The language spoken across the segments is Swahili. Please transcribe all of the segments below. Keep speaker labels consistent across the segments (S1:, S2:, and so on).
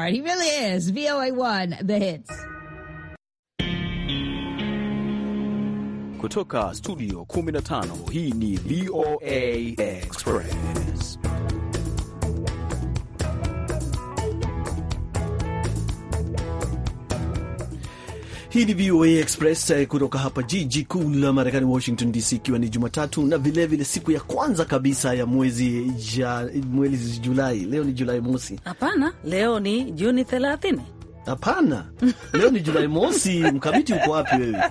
S1: Right,
S2: he really is. VOA1, the hits.
S1: Kutoka studio 15 hii ni VOA Express. Hii ni VOA Express eh, kutoka hapa jiji kuu la Marekani, Washington DC, ikiwa ni Jumatatu na vilevile vile siku ya kwanza kabisa ya mwezi ja, mwezi Julai. Leo ni Julai mosi?
S2: Hapana, leo ni Juni 30.
S1: Hapana, leo ni Julai mosi. Mkamiti, uko wapi wewe?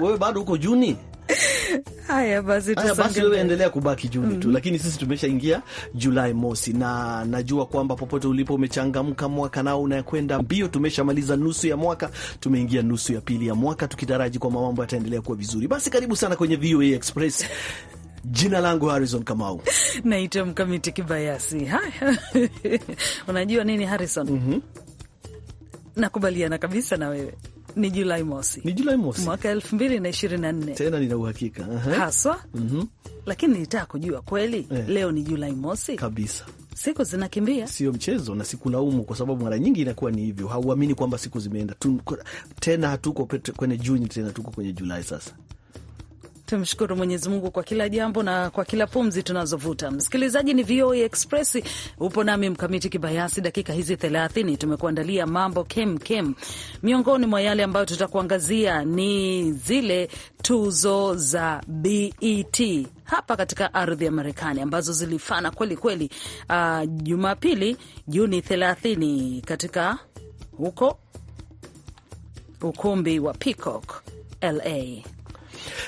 S1: Wewe bado uko Juni?
S2: Haya basi, basi wewe endelea
S1: kubaki Juni mm -hmm. tu, mhm. lakini sisi tumeshaingia Julai mosi, na najua kwamba popote ulipo umechangamka, mwaka nao unakwenda mbio. Tumeshamaliza nusu ya mwaka, tumeingia nusu ya pili ya mwaka, tukitaraji kwamba mambo yataendelea kuwa vizuri. Basi karibu sana kwenye VOA Express. Jina langu Harrison Kamau,
S2: naitwa mkamiti kibayasi. Haya, unajua nini Harrison? mm -hmm. Nakubaliana kabisa na wewe ni Julai mosi, ni Julai mosi mwaka elfu mbili na ishirini na nne tena nina uhakika haswa mm -hmm. Lakini nilitaka kujua kweli eh, leo ni Julai mosi kabisa. Siku zinakimbia, sio mchezo, na sikulaumu kwa
S1: sababu mara nyingi inakuwa ni hivyo, hauamini kwamba siku zimeenda tu, tena hatuko kwenye Juni tena tuko kwenye Julai sasa.
S2: Tumshukuru Mwenyezi Mungu kwa kila jambo na kwa kila pumzi tunazovuta. Msikilizaji, ni VOA Express, upo nami Mkamiti Kibayasi. Dakika hizi thelathini tumekuandalia mambo kem kem. Miongoni mwa yale ambayo tutakuangazia ni zile tuzo za BET hapa katika ardhi ya Marekani ambazo zilifana kweli kweli uh, Jumapili Juni 30 katika huko ukumbi wa Peacock LA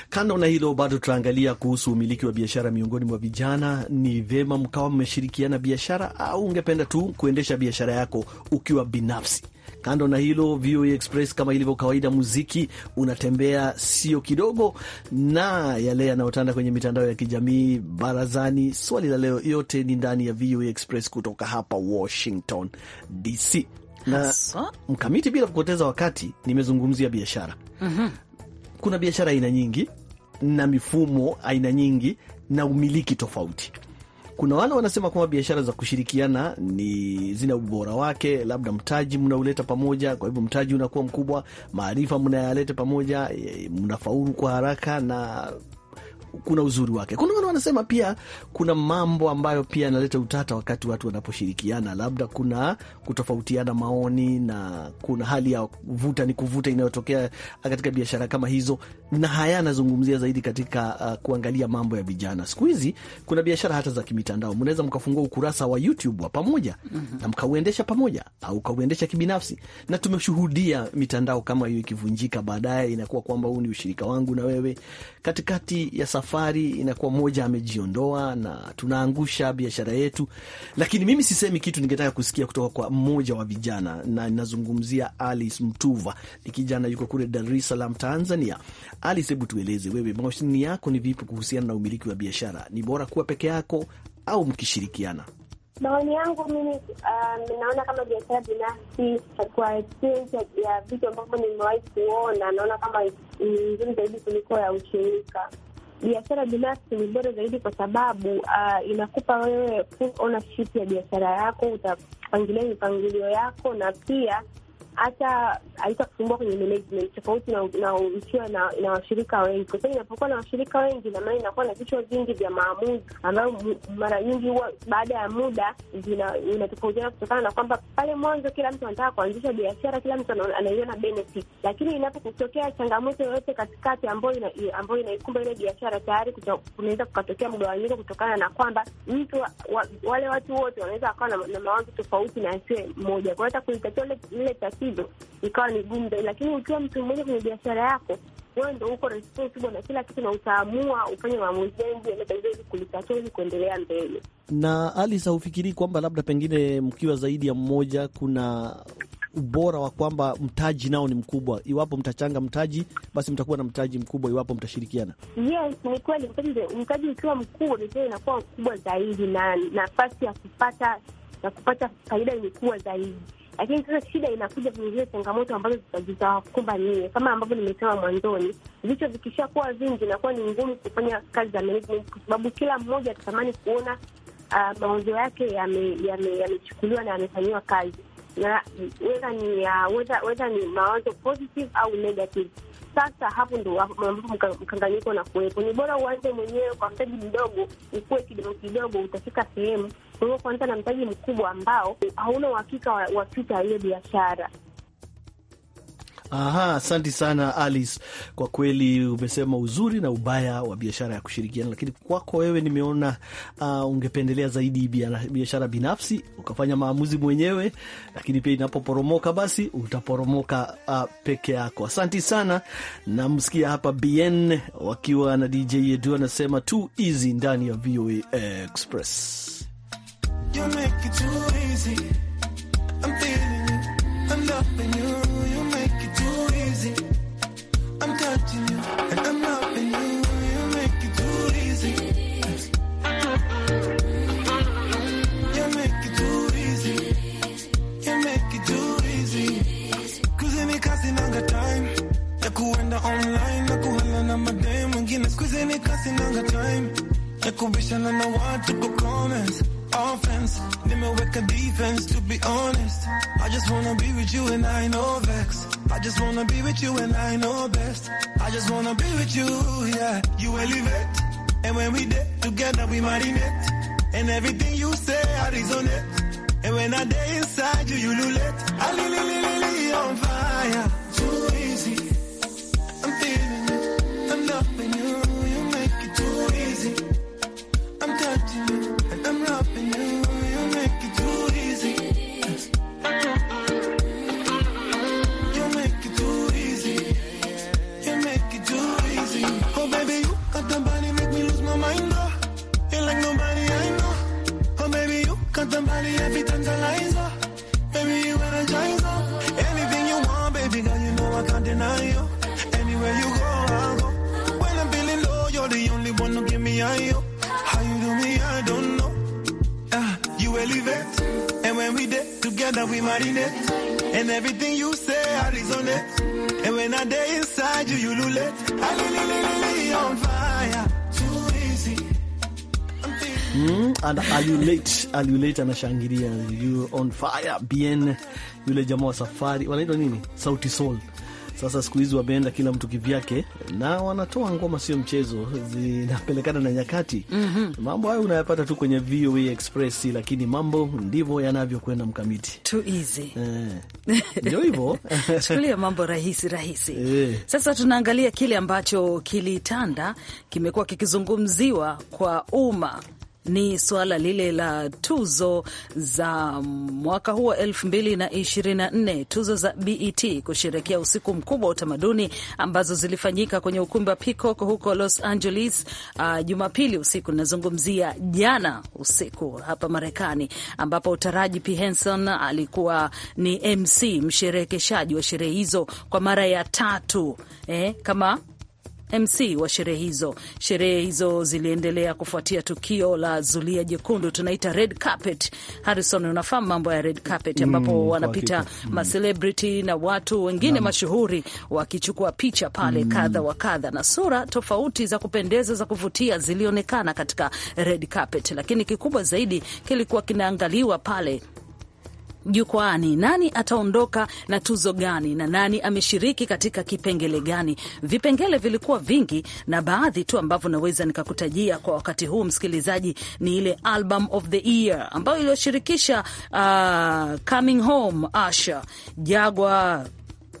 S1: Kando na hilo, bado tutaangalia kuhusu umiliki wa biashara miongoni mwa vijana. Ni vema mkawa mmeshirikiana biashara, au ungependa tu kuendesha biashara yako ukiwa binafsi? Kando na hilo, VOA Express kama ilivyo kawaida, muziki unatembea sio kidogo, na yale yanayotanda kwenye mitandao ya kijamii, barazani, swali la leo, yote ni ndani ya VOA Express kutoka hapa Washington DC na mkamiti. Bila kupoteza wakati, nimezungumzia biashara mm -hmm kuna biashara aina nyingi na mifumo aina nyingi na umiliki tofauti. Kuna wale wanasema kwamba biashara za kushirikiana ni zina ubora wake, labda mtaji mnauleta pamoja, kwa hivyo mtaji unakuwa mkubwa, maarifa mnayaleta pamoja, e, mnafaulu kwa haraka na kuna uzuri wake. Kuna wale wanasema pia kuna mambo ambayo pia yanaleta utata wakati watu wanaposhirikiana, labda kuna kutofautiana maoni na kuna hali ya vuta ni kuvuta inayotokea katika biashara kama hizo, na haya anazungumzia zaidi katika uh, kuangalia mambo ya vijana. Siku hizi kuna biashara hata za kimitandao, mnaweza mkafungua ukurasa wa YouTube wa pamoja mm -hmm. na mkauendesha pamoja au ukauendesha kibinafsi, na tumeshuhudia mitandao kama hiyo ikivunjika, baadaye inakuwa kwamba huu ni ushirika wangu na wewe katikati ya safari inakuwa moja amejiondoa na tunaangusha biashara yetu. Lakini mimi sisemi kitu, ningetaka kusikia kutoka kwa mmoja wa vijana, na ninazungumzia Alice Mtuva, ni kijana yuko kule Dar es Salaam, Tanzania. Alice, hebu tueleze wewe, maoni yako ni vipi kuhusiana na umiliki wa biashara? Ni bora kuwa peke yako au mkishirikiana?
S3: Maoni yangu mimi, um, ah, naona kama biashara binafsi kwa experience ya vitu ambavyo nimewahi kuona, naona kama nzuri zaidi kuliko ya ushirika biashara binafsi ni bora zaidi kwa sababu uh, inakupa wewe full ownership ya biashara yako, utapangilia mipangilio yako, na pia hata haitakusumbua kwenye management, tofauti na ukiwa na, na washirika wengi, kwa sababu inapokuwa na washirika wengi, na maana inakuwa na vichwa vingi vya maamuzi ambayo mara nyingi huwa baada ya muda inatofautiana, kutokana na kwamba pale mwanzo kila mtu anataka kuanzisha biashara, kila mtu anaiona benefit, lakini inapokutokea changamoto yoyote katikati ambayo ambayo inaikumba ile biashara, tayari kunaweza kukatokea mgawanyiko kutokana na kwamba mtu wa, wale watu wote wanaweza wakawa na, na mawazo tofauti na yasiwe mmoja, kwa hata kulitatua lile tatizo ikawa ikawa ni gumbe, lakini ukiwa mtu mmoja kwenye biashara yako, wewe ndo uko responsible na kila kitu, na utaamua ufanye maamuzi gani kulitatua ili kuendelea mbele.
S1: Na Alisa, hufikirii kwamba labda pengine mkiwa zaidi ya mmoja, kuna ubora wa kwamba mtaji nao ni mkubwa? Iwapo mtachanga mtaji, basi mtakuwa na mtaji mkubwa iwapo mtashirikiana.
S3: Yes, ni kweli, mtaji ukiwa mkubwa, biashara inakuwa mkubwa zaidi na nafasi ya kupata na kupata faida kubwa zaidi lakini sasa shida inakuja kwenye zile changamoto ambazo zitawakumba nyie, kama ambavyo nimesema mwanzoni, vichwa vikishakuwa vingi inakuwa ni ngumu kufanya kazi za management, kwa sababu kila mmoja atatamani kuona uh, mawazo yake yamechukuliwa na yamefanyiwa kazi na wedha ni, uh, ni mawazo positive au negative sasa hapo ndo ambapo mkanganyiko na kuwepo. Ni bora uanze mwenyewe kwa mtaji mdogo, ukuwe kidogo kidogo, utafika sehemu kuliko kuanza na mtaji mkubwa ambao hauna uhakika wa future ya hiyo biashara.
S1: Aha, asanti sana Alice, kwa kweli umesema uzuri na ubaya wa biashara ya kushirikiana, lakini kwako wewe nimeona uh, ungependelea zaidi biashara binafsi ukafanya maamuzi mwenyewe, lakini pia inapoporomoka basi utaporomoka uh, peke yako. asanti sana. Namsikia hapa BN wakiwa na DJ Edu anasema too easy ndani ya VOA Express.
S4: You make it too easy. I'm nenda online na kuhala na madem wengine, siku hizi ni kasi nanga time ya kubishana na watu kwa comments offense, nimeweka defense. To be honest, I just wanna be with you and I know vex. I just wanna be with you and I know best. I just wanna be with you, yeah. You elevate, and when we did together we marinate, and everything you say I resonate. And when I day inside you, you lulate. I li li li li on fire.
S1: aliuleta na shangilia you on fire bien, yule jamaa wa safari wanaitwa nini, Sauti Sol. Sasa siku hizi wameenda kila mtu kivyake, na wanatoa ngoma sio mchezo, zinapelekana na nyakati. mm -hmm. Mambo hayo unayapata tu kwenye VOA Express, lakini mambo ndivyo yanavyokwenda. Mkamiti eh. ndio hivyo, chukulia
S2: mambo rahisi rahisi. E. Sasa tunaangalia kile ambacho kilitanda, kimekuwa kikizungumziwa kwa umma ni suala lile la tuzo za mwaka huu wa 2024 tuzo za BET kusherekea usiku mkubwa wa utamaduni ambazo zilifanyika kwenye ukumbi wa Peacock huko Los Angeles uh, Jumapili usiku. Nazungumzia jana usiku hapa Marekani, ambapo Taraji P Henson alikuwa ni MC msherekeshaji wa sherehe hizo kwa mara ya tatu eh, kama MC wa sherehe hizo. Sherehe hizo ziliendelea kufuatia tukio la zulia jekundu, tunaita red carpet. Harrison, unafahamu mambo ya red carpet, mm, ambapo mm, wanapita mm, macelebrity na watu wengine mashuhuri wakichukua picha pale mm, kadha wa kadha, na sura tofauti za kupendeza za kuvutia zilionekana katika red carpet, lakini kikubwa zaidi kilikuwa kinaangaliwa pale jukwaani, nani ataondoka na tuzo gani na nani ameshiriki katika kipengele gani. Vipengele vilikuwa vingi, na baadhi tu ambavyo naweza nikakutajia kwa wakati huu, msikilizaji, ni ile album of the year ambayo iliyoshirikisha uh, Coming Home, Asha, Jagwa,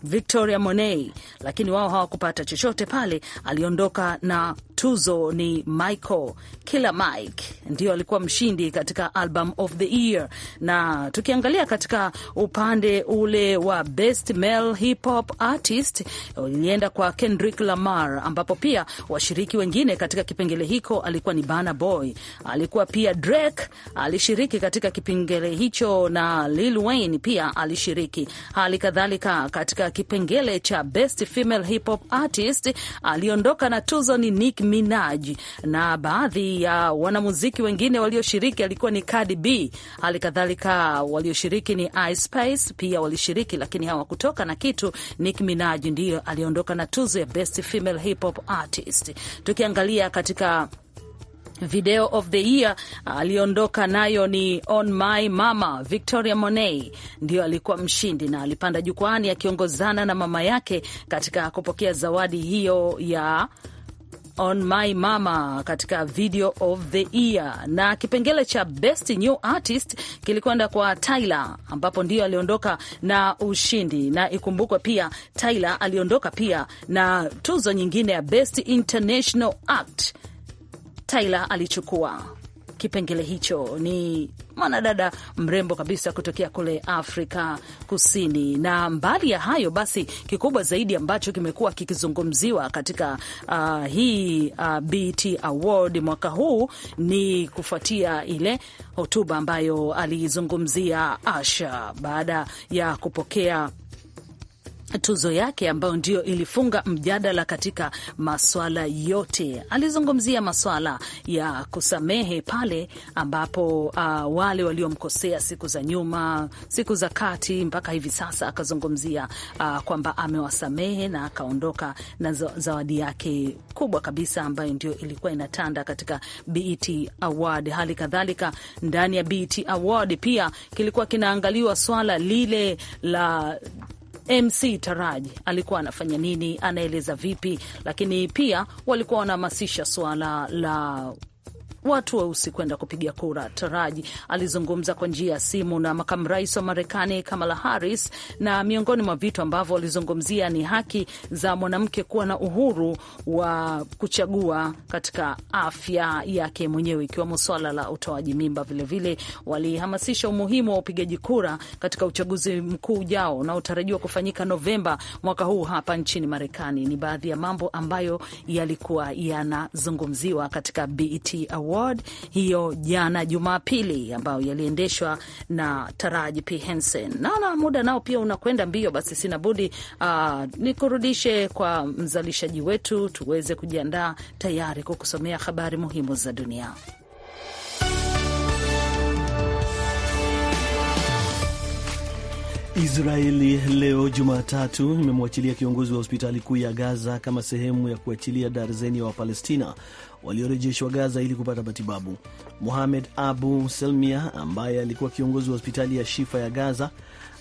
S2: Victoria Monet, lakini wao hawakupata chochote pale. Aliondoka na tuzo ni Michael Killer Mike, ndio alikuwa mshindi katika album of the year. Na tukiangalia katika upande ule wa best male hip hop artist ilienda kwa Kendrick Lamar, ambapo pia washiriki wengine katika kipengele hiko alikuwa ni Burna Boy, alikuwa pia Drake alishiriki katika kipengele hicho na Lil Wayne pia alishiriki. Hali kadhalika katika kipengele cha best female hip hop artist aliondoka na tuzo ni Nicki Minaj, na baadhi ya uh, wanamuziki wengine walioshiriki alikuwa ni Cardi B. Hali kadhalika walioshiriki ni Ice Spice pia walishiriki, lakini hawakutoka na kitu. Nicki Minaj ndiyo aliondoka na tuzo ya Best Female Hip Hop Artist. Tukiangalia katika video of the year aliondoka nayo ni On My Mama. Victoria Monet ndio alikuwa mshindi na alipanda jukwani akiongozana na mama yake katika kupokea zawadi hiyo ya on my mama katika video of the year, na kipengele cha best new artist kilikwenda kwa Tyler, ambapo ndiyo aliondoka na ushindi. Na ikumbukwe pia Tyler aliondoka pia na tuzo nyingine ya best international act Tyler alichukua kipengele hicho. Ni mwanadada mrembo kabisa kutokea kule Afrika Kusini. Na mbali ya hayo basi, kikubwa zaidi ambacho kimekuwa kikizungumziwa katika uh, hii uh, BT Award mwaka huu ni kufuatia ile hotuba ambayo aliizungumzia Asha baada ya kupokea tuzo yake ambayo ndio ilifunga mjadala katika maswala yote. Alizungumzia maswala ya kusamehe pale ambapo uh, wale waliomkosea siku za nyuma, siku za kati mpaka hivi sasa, akazungumzia uh, kwamba amewasamehe na akaondoka na zawadi yake kubwa kabisa ambayo ndio ilikuwa inatanda katika BET Award. Hali kadhalika ndani ya BET Award pia kilikuwa kinaangaliwa swala lile la MC Taraj alikuwa anafanya nini, anaeleza vipi, lakini pia walikuwa wanahamasisha suala la watu weusi kwenda kupiga kura. Taraji alizungumza kwa njia ya simu na makamu rais wa Marekani Kamala Harris, na miongoni mwa vitu ambavyo walizungumzia ni haki za mwanamke kuwa na uhuru wa kuchagua katika afya yake mwenyewe, ikiwemo swala la utoaji mimba. Vilevile walihamasisha umuhimu wa upigaji kura katika uchaguzi mkuu ujao unaotarajiwa kufanyika Novemba mwaka huu hapa nchini Marekani. Ni baadhi ya mambo ambayo yalikuwa yanazungumziwa katika BET Award hiyo jana Jumapili, ambayo yaliendeshwa na Taraji P Henson. Naona muda nao pia unakwenda mbio, basi sina budi uh, nikurudishe kwa mzalishaji wetu tuweze kujiandaa tayari kukusomea habari muhimu za dunia.
S1: Israeli leo Jumatatu imemwachilia kiongozi wa hospitali kuu ya Gaza kama sehemu ya kuachilia darzeni ya Wapalestina waliorejeshwa Gaza ili kupata matibabu. Mohamed Abu Selmia ambaye alikuwa kiongozi wa hospitali ya Shifa ya Gaza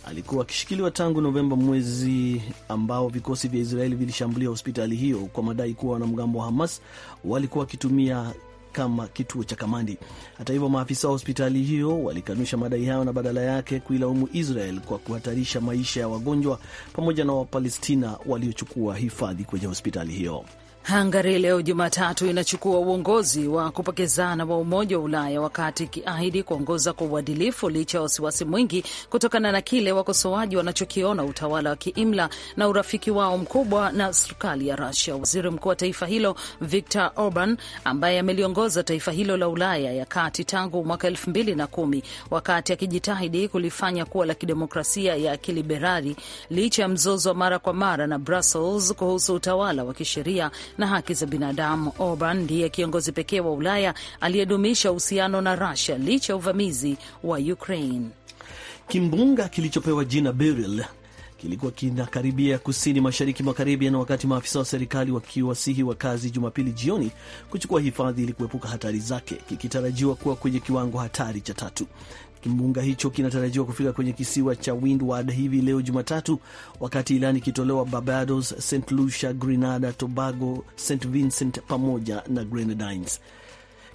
S1: alikuwa akishikiliwa tangu Novemba, mwezi ambao vikosi vya Israeli vilishambulia hospitali hiyo kwa madai kuwa wanamgambo wa Hamas walikuwa wakitumia kama kituo cha kamandi. Hata hivyo, maafisa wa hospitali hiyo walikanusha madai hayo na badala yake kuilaumu Israel kwa kuhatarisha maisha ya wagonjwa pamoja na Wapalestina waliochukua hifadhi kwenye hospitali hiyo.
S2: Hungary leo Jumatatu inachukua uongozi wa kupokezana wa Umoja wa Ulaya wakati ikiahidi kuongoza kwa uadilifu licha ya wasiwasi mwingi kutokana na kile wakosoaji wanachokiona utawala wa kiimla na urafiki wao mkubwa na serikali ya rusia Waziri mkuu wa taifa hilo Viktor Orban, ambaye ameliongoza taifa hilo la Ulaya ya kati tangu mwaka elfu mbili na kumi wakati akijitahidi kulifanya kuwa la kidemokrasia ya kiliberali licha ya mzozo wa mara kwa mara na Brussels kuhusu utawala wa kisheria na haki za binadamu. Orban ndiye kiongozi pekee wa Ulaya aliyedumisha uhusiano na Rusia licha ya uvamizi wa Ukraine.
S1: Kimbunga kilichopewa jina Beryl kilikuwa kinakaribia kusini mashariki mwa Karibia, na wakati maafisa wa serikali wakiwasihi wakazi Jumapili jioni kuchukua hifadhi ili kuepuka hatari zake, kikitarajiwa kuwa kwenye kiwango hatari cha tatu. Kimbunga hicho kinatarajiwa kufika kwenye kisiwa cha Windward hivi leo Jumatatu, wakati ilani ikitolewa Barbados, St Lucia, Grenada, Tobago, St Vincent pamoja na Grenadines.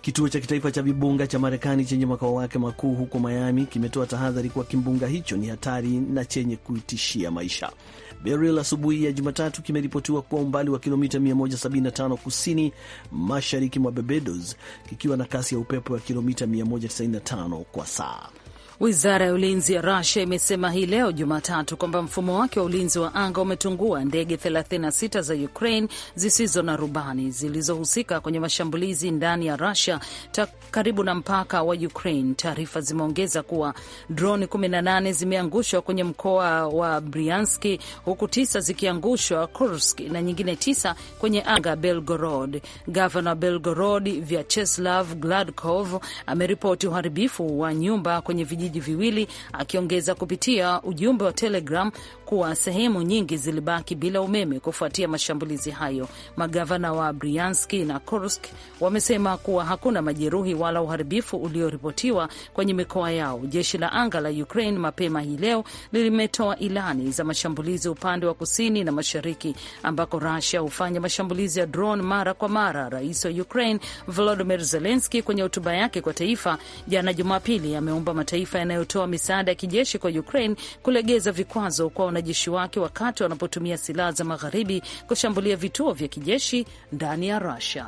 S1: Kituo cha kitaifa cha vibunga cha Marekani chenye makao wake makuu huko Miami kimetoa tahadhari kuwa kimbunga hicho ni hatari na chenye kuitishia maisha. Beryl asubuhi ya Jumatatu kimeripotiwa kuwa umbali wa kilomita 175 kusini mashariki mwa Barbados kikiwa na kasi ya upepo wa kilomita 195 kwa saa.
S2: Wizara ya ulinzi ya rasia imesema hii leo Jumatatu kwamba mfumo wake wa ulinzi wa anga umetungua ndege 36 za Ukraine zisizo na rubani zilizohusika kwenye mashambulizi ndani ya Russia karibu na mpaka wa Ukraine. Taarifa zimeongeza kuwa droni 18 zimeangushwa kwenye mkoa wa Brianski, huku tisa zikiangushwa Kursk na nyingine tisa kwenye anga Belgorod. Gavana Belgorod Vyacheslav Gladkov ameripoti uharibifu wa nyumba kwenye vijiji viwili, akiongeza kupitia ujumbe wa Telegram kuwa sehemu nyingi zilibaki bila umeme kufuatia mashambulizi hayo. Magavana wa Briansk na Kursk wamesema kuwa hakuna majeruhi wala uharibifu ulioripotiwa kwenye mikoa yao. Jeshi la anga la Ukraine mapema hii leo limetoa ilani za mashambulizi upande wa kusini na mashariki, ambako rasia hufanya mashambulizi ya drone mara kwa mara. Rais wa Ukraine Volodymyr Zelensky kwenye hotuba yake kwa taifa jana Jumapili ameomba mataifa yanayotoa misaada ya kijeshi kwa Ukraine kulegeza vikwazo kwa wanajeshi wake wakati wanapotumia silaha za magharibi kushambulia vituo vya kijeshi ndani ya Russia.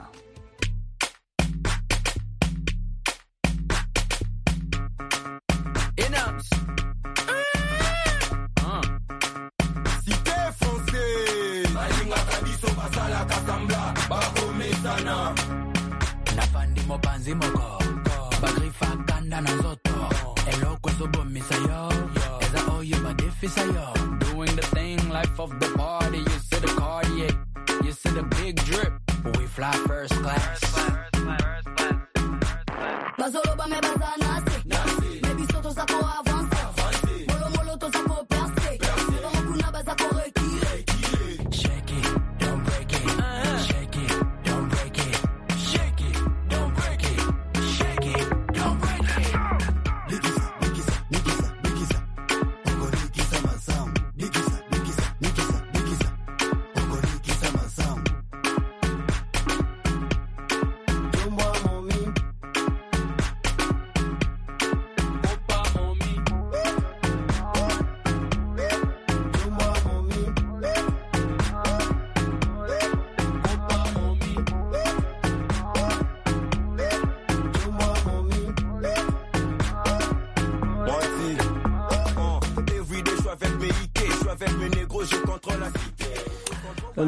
S5: you, but if it's a yo, doing the thing, life of the party. You see the Cartier, you see the big drip. We fly first class. First class,
S2: bazanasi.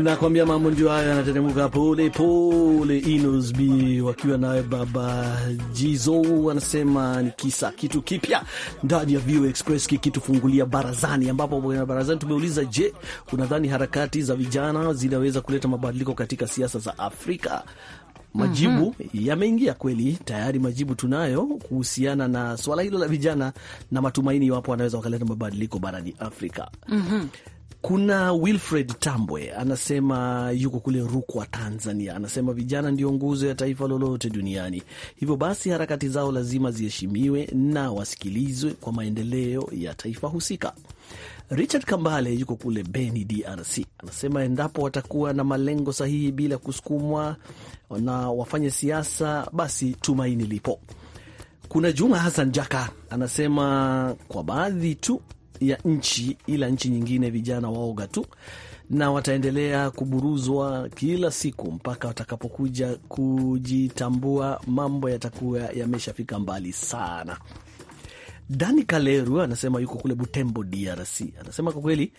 S1: nakwambia mambo ndio hayo yanateremka pole pole. Inosbi wakiwa nawe baba Jizo wanasema ni kisa kitu kipya ndani ya VOA Express kikitufungulia barazani, ambapo kwenye barazani tumeuliza, je, unadhani harakati za vijana zinaweza kuleta mabadiliko katika siasa za Afrika? Majibu mm -hmm. yameingia kweli, tayari majibu tunayo kuhusiana na swala hilo la vijana na matumaini iwapo wanaweza wakaleta mabadiliko barani Afrika. mm -hmm. Kuna Wilfred Tambwe anasema yuko kule Rukwa, Tanzania. Anasema vijana ndio nguzo ya taifa lolote duniani, hivyo basi harakati zao lazima ziheshimiwe na wasikilizwe kwa maendeleo ya taifa husika. Richard Kambale yuko kule Beni, DRC, anasema endapo watakuwa na malengo sahihi bila kusukumwa na wafanye siasa, basi tumaini lipo. Kuna Juma Hassan Jaka anasema kwa baadhi tu ya nchi, ila nchi nyingine vijana waoga tu na wataendelea kuburuzwa kila siku mpaka watakapokuja kujitambua, mambo yatakuwa yameshafika mbali sana. Dani Kaleru anasema yuko kule Butembo, DRC. Anasema kwa kweli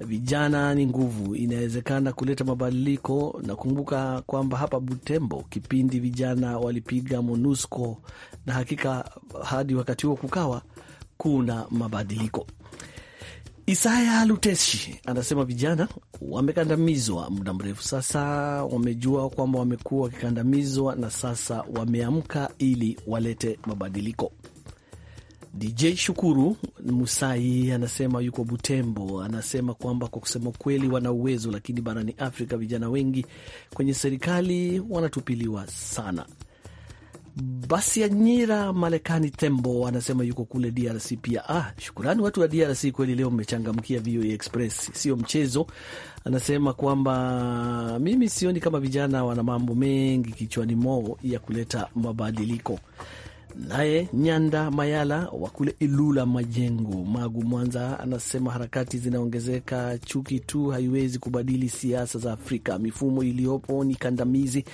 S1: vijana ni nguvu, inawezekana kuleta mabadiliko. Nakumbuka kwamba hapa Butembo kipindi vijana walipiga MONUSCO na hakika hadi wakati huo kukawa kuna mabadiliko. Isaya Luteshi anasema vijana wamekandamizwa muda mrefu sasa, wamejua kwamba wamekuwa wakikandamizwa na sasa wameamka ili walete mabadiliko. DJ Shukuru Musai anasema yuko Butembo, anasema kwamba kwa kusema kweli wana uwezo, lakini barani Afrika vijana wengi kwenye serikali wanatupiliwa sana. Basi Anyira Marekani Tembo anasema yuko kule DRC pia. Ah, shukurani watu wa DRC kweli, leo mmechangamkia VOA Express, sio mchezo. Anasema kwamba mimi sioni kama vijana wana mambo mengi kichwani mwao ya kuleta mabadiliko. Naye Nyanda Mayala wa kule Ilula Majengo, Magu, Mwanza, anasema harakati zinaongezeka, chuki tu haiwezi kubadili siasa za Afrika. Mifumo iliyopo ni kandamizi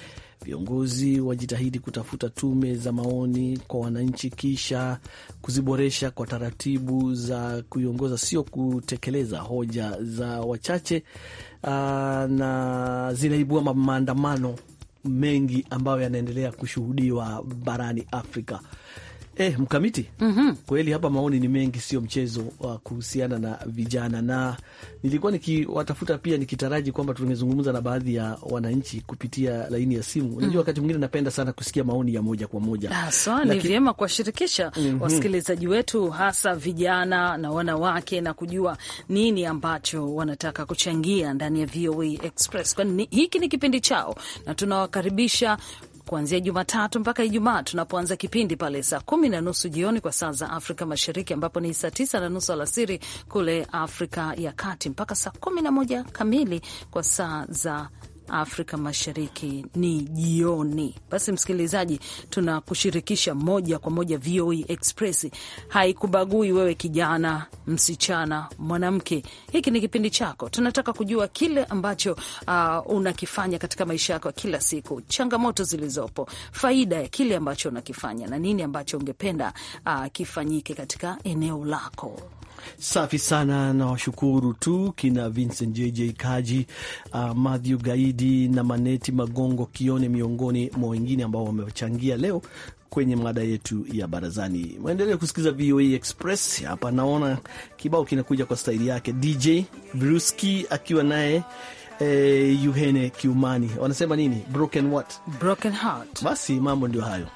S1: viongozi wajitahidi kutafuta tume za maoni kwa wananchi, kisha kuziboresha kwa taratibu za kuiongoza, sio kutekeleza hoja za wachache. na zinaibua maandamano mengi ambayo yanaendelea kushuhudiwa barani Afrika. Eh, mkamiti mm -hmm. Kweli hapa maoni ni mengi, sio mchezo wa kuhusiana na vijana, na nilikuwa nikiwatafuta pia nikitaraji kwamba tungezungumza na baadhi ya wananchi kupitia laini ya simu. Unajua, mm -hmm. wakati mwingine napenda sana kusikia maoni ya moja kwa moja. Haswa ni Laki... vyema
S2: kuwashirikisha mm -hmm. wasikilizaji wetu hasa vijana na wanawake na kujua nini ambacho wanataka kuchangia ndani ya VOA e Express, kwani hiki ni kipindi chao na tunawakaribisha kuanzia Jumatatu mpaka Ijumaa tunapoanza kipindi pale saa kumi na nusu jioni kwa saa za Afrika Mashariki, ambapo ni saa tisa na nusu alasiri kule Afrika ya Kati, mpaka saa kumi na moja kamili kwa saa za Afrika Mashariki ni jioni. Basi msikilizaji, tunakushirikisha moja kwa moja VOA e Express, haikubagui wewe, kijana, msichana, mwanamke. Hiki ni kipindi chako, tunataka kujua kile ambacho uh, unakifanya katika maisha yako ya kila siku, changamoto zilizopo, faida ya kile ambacho unakifanya na nini ambacho ungependa uh, kifanyike katika eneo lako.
S1: Safi sana na washukuru tu kina Vincent JJ Kaji, uh, Mathew Gaidi na Maneti Magongo Kione, miongoni mwa wengine ambao wamechangia leo kwenye mada yetu ya barazani. Maendelea kusikiliza VOA Express. Hapa naona kibao kinakuja kwa staili yake, DJ Bruski akiwa naye eh, Yuhene Kiumani, wanasema nini? Broken what? Broken heart. Basi mambo ndio hayo.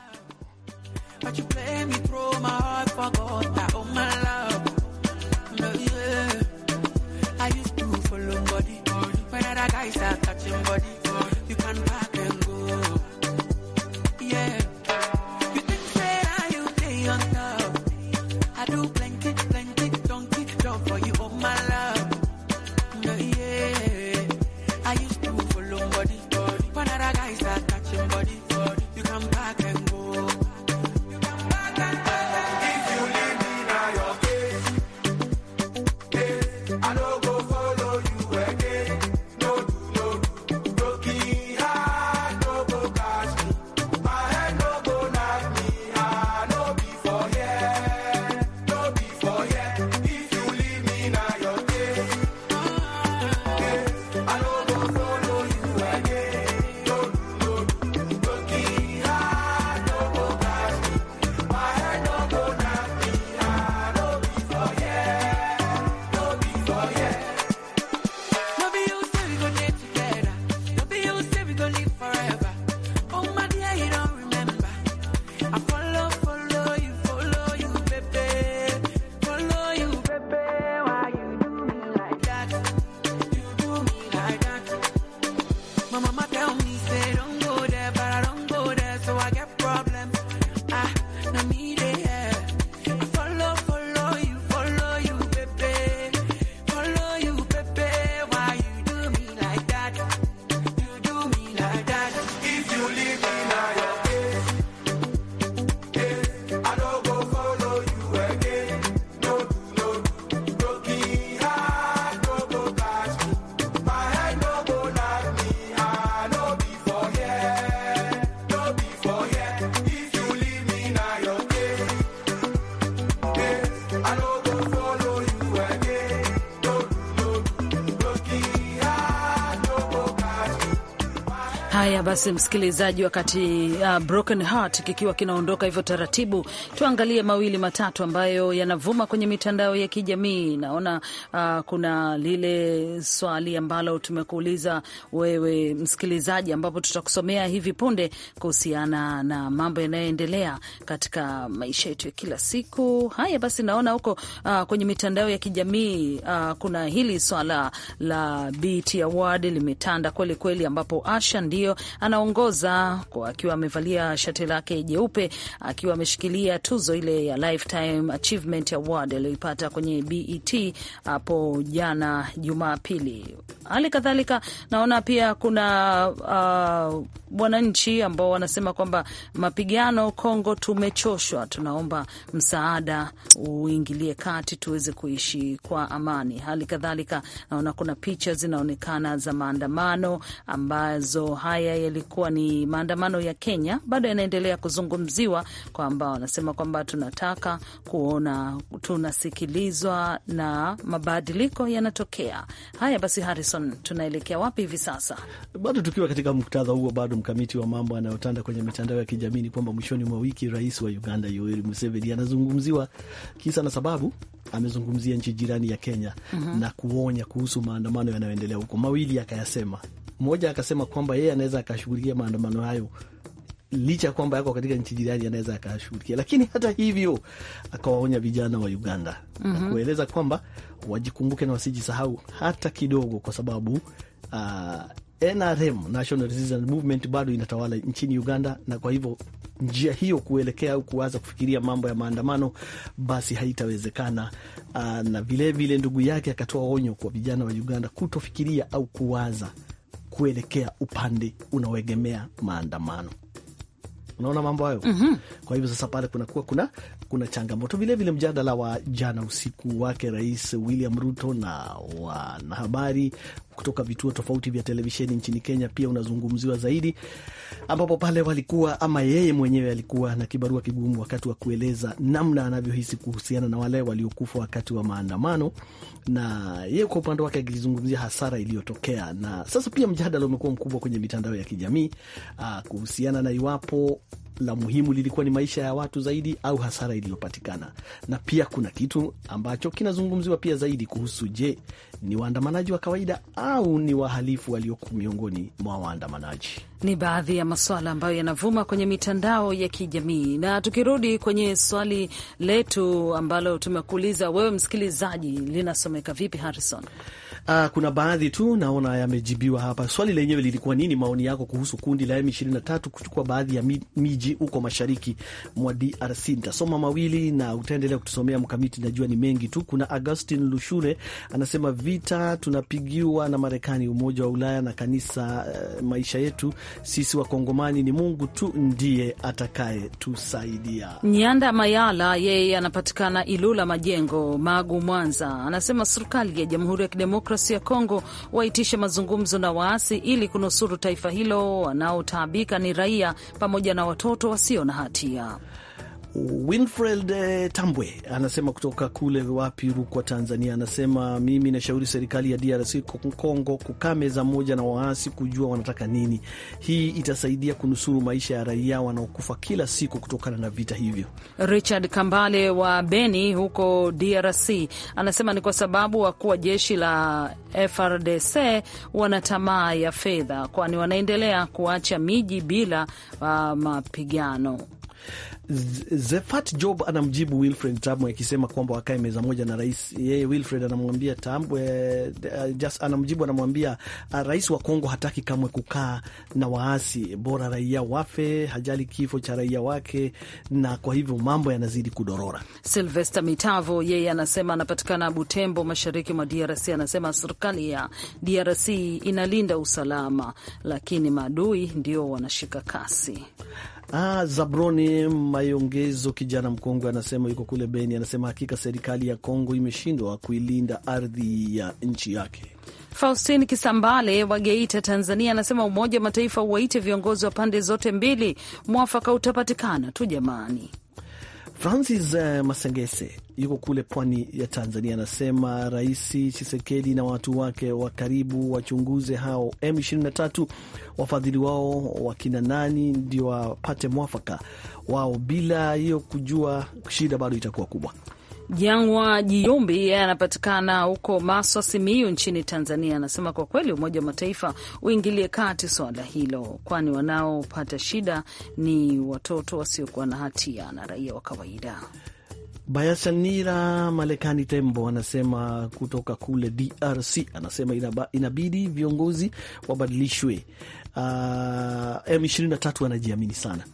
S2: Basi msikilizaji, wakati uh, Broken Heart kikiwa kinaondoka hivyo taratibu, tuangalie mawili matatu ambayo yanavuma kwenye mitandao ya kijamii. Naona uh, kuna lile swali ambalo tumekuuliza wewe msikilizaji, ambapo tutakusomea hivi punde kuhusiana na mambo yanayoendelea katika maisha yetu ya kila siku. Haya basi, naona huko uh, kwenye mitandao ya kijamii uh, kuna hili swala la BT Award limetanda kweli kweli, ambapo Asha ndio anaongoza kwa akiwa amevalia shati lake jeupe, akiwa ameshikilia tuzo ile ya Lifetime Achievement Award aliyoipata kwenye BET hapo jana Jumapili. Hali kadhalika naona pia kuna uh, wananchi ambao wanasema kwamba mapigano Kongo tumechoshwa, tunaomba msaada uingilie kati tuweze kuishi kwa amani. Hali kadhalika naona kuna picha zinaonekana za maandamano ambazo haya yalikuwa ni maandamano ya Kenya, bado yanaendelea kuzungumziwa kwamba wanasema kwamba tunataka kuona tunasikilizwa na mabadiliko yanatokea. Haya basi, Harrison, tunaelekea wapi hivi sasa?
S1: Bado tukiwa katika muktadha huo, bado mkamiti wa mambo anayotanda kwenye mitandao ya kijamii ni kwamba mwishoni mwa wiki rais wa Uganda Yoweri Museveni anazungumziwa kisa na sababu, amezungumzia nchi jirani ya Kenya mm -hmm. na kuonya kuhusu maandamano yanayoendelea huko. Mawili akayasema, mmoja akasema kwamba yeye anaweza akashughulikia maandamano hayo licha ya kwamba yako katika nchi jirani anaweza akashughulikia, lakini hata hivyo akawaonya vijana wa Uganda mm -hmm. na mhm. kueleza kwamba wajikumbuke na wasijisahau hata kidogo, kwa sababu uh, NRM, National Resistance Movement, bado inatawala nchini Uganda, na kwa hivyo njia hiyo kuelekea au kuanza kufikiria mambo ya maandamano basi haitawezekana. Ah, na vilevile ndugu yake akatoa onyo kwa vijana wa Uganda kutofikiria au kuwaza kuelekea upande unaoegemea maandamano. Unaona mambo hayo. mm -hmm. Kwa hivyo sasa pale kunakuwa kuna, kuna changamoto vilevile. Mjadala wa jana usiku wake Rais William Ruto na wanahabari kutoka vituo tofauti vya televisheni nchini Kenya pia unazungumziwa zaidi, ambapo pale walikuwa ama yeye mwenyewe alikuwa na kibarua kigumu wakati wa kueleza namna anavyohisi kuhusiana na wale waliokufa wakati wa maandamano, na yeye kwa upande wake akizungumzia hasara iliyotokea. Na sasa pia mjadala umekuwa mkubwa kwenye mitandao ya kijamii uh, kuhusiana na iwapo la muhimu lilikuwa ni maisha ya watu zaidi au hasara iliyopatikana. Na pia kuna kitu ambacho kinazungumziwa pia zaidi kuhusu, je, ni waandamanaji wa kawaida au ni wahalifu walioko miongoni mwa waandamanaji.
S2: Ni baadhi ya maswala ambayo yanavuma kwenye mitandao ya kijamii. Na tukirudi kwenye swali letu ambalo tumekuuliza wewe msikilizaji, linasomeka vipi Harrison?
S1: Uh, kuna baadhi tu naona yamejibiwa hapa. Swali lenyewe lilikuwa nini, maoni yako kuhusu kundi la M23 kuchukua baadhi ya miji huko mashariki mwa DRC? Nitasoma mawili na utaendelea kutusomea Mkamiti, najua ni mengi tu. Kuna Augustin Lushure anasema vita tunapigiwa na Marekani, Umoja wa Ulaya na kanisa. Uh, maisha yetu sisi Wakongomani ni Mungu tu ndiye atakaye tusaidia.
S2: Nyanda Mayala yeye anapatikana Ilula Majengo, Magu, Mwanza, anasema serikali ya Jamhuri ya Kidemokrasia Kidemokrasia ya Kongo waitishe mazungumzo na waasi ili kunusuru taifa hilo wanaotaabika ni raia pamoja na watoto wasio na hatia. Winfred
S1: eh, Tambwe anasema kutoka kule wapi, Rukwa, Tanzania, anasema mimi nashauri serikali ya DRC Kongo kukaa meza moja na waasi kujua wanataka nini. Hii itasaidia kunusuru maisha ya raia wanaokufa kila siku kutokana na vita hivyo.
S2: Richard Kambale wa Beni huko DRC anasema ni kwa sababu wakuwa jeshi la FRDC wana tamaa ya fedha, kwani wanaendelea kuacha miji bila uh, mapigano.
S1: Zefat Job anamjibu Wilfred Tambwe akisema kwamba wakae meza moja na rais. Yeye Wilfred anamwambia Tambwe, uh, anamjibu anamwambia, ah, rais wa Kongo hataki kamwe kukaa na waasi, bora raia wafe, hajali kifo cha raia wake, na kwa hivyo mambo yanazidi kudorora.
S2: Silvester Mitavo yeye anasema, anapatikana Butembo, mashariki mwa DRC, anasema serikali ya DRC inalinda usalama, lakini maadui ndio wanashika kasi.
S1: Ah, Zabroni Mayongezo, kijana mkongwe, anasema yuko kule Beni, anasema hakika serikali ya Kongo imeshindwa kuilinda ardhi ya nchi yake.
S2: Faustin Kisambale wa Geita, Tanzania, anasema Umoja wa Mataifa uwaite viongozi wa pande zote mbili, mwafaka utapatikana tu jamani.
S1: Francis eh, Masengese yuko kule pwani ya Tanzania, anasema Rais Chisekedi na watu wake wa karibu wachunguze hao M23 wafadhili wao wakina nani, ndio wapate mwafaka wao. Bila hiyo kujua, shida bado itakuwa kubwa.
S2: Jangwa jiumbi anapatikana huko Maswa, Simiyu nchini Tanzania. Anasema kwa kweli Umoja wa Mataifa uingilie kati swala hilo, kwani wanaopata shida ni watoto wasiokuwa na hatia na raia wa kawaida.
S1: Bayasanira Malekani Tembo anasema kutoka kule DRC, anasema inabidi viongozi wabadilishwe. Uh, ah, M23 anajiamini sana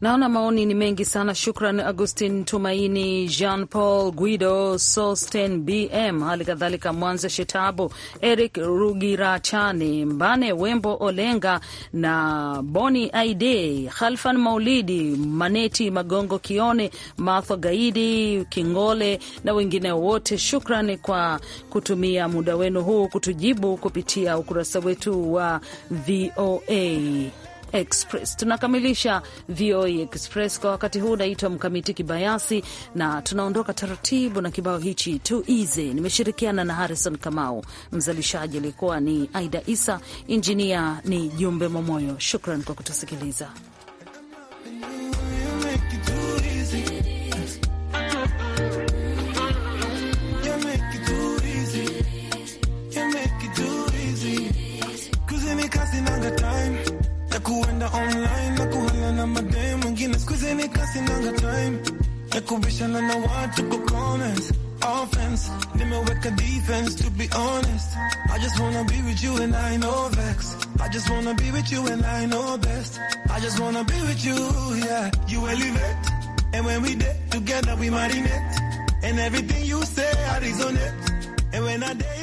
S2: Naona maoni ni mengi sana. Shukran Agustin Tumaini, Jean Paul Guido, Sosten BM, hali kadhalika Mwanza Shetabu, Eric Rugirachani, Mbane Wembo Olenga na Boni Aide, Halfan Maulidi, Maneti Magongo, Kione Martha Gaidi, Kingole na wengine wote, shukran kwa kutumia muda wenu huu kutujibu kupitia ukurasa wetu wa VOA. Express. Tunakamilisha VOA e Express kwa wakati huu. Naitwa Mkamiti Kibayasi na tunaondoka taratibu na kibao hichi t easy. Nimeshirikiana na Harrison Kamau, mzalishaji alikuwa ni Aida Isa, injinia ni Jumbe Momoyo. Shukran kwa kutusikiliza.
S4: am online na kuhala na madem mwingine, siku hizi ni kasi nanga time ya kubishana na watu kwa comments offense, nimeweka defense. To be honest, I just wanna be with you and I know vex. I just wanna be with you and I know best. I just wanna be with you, yeah. You elevate, and when we date together we marinate, and everything you say I resonate, and when I date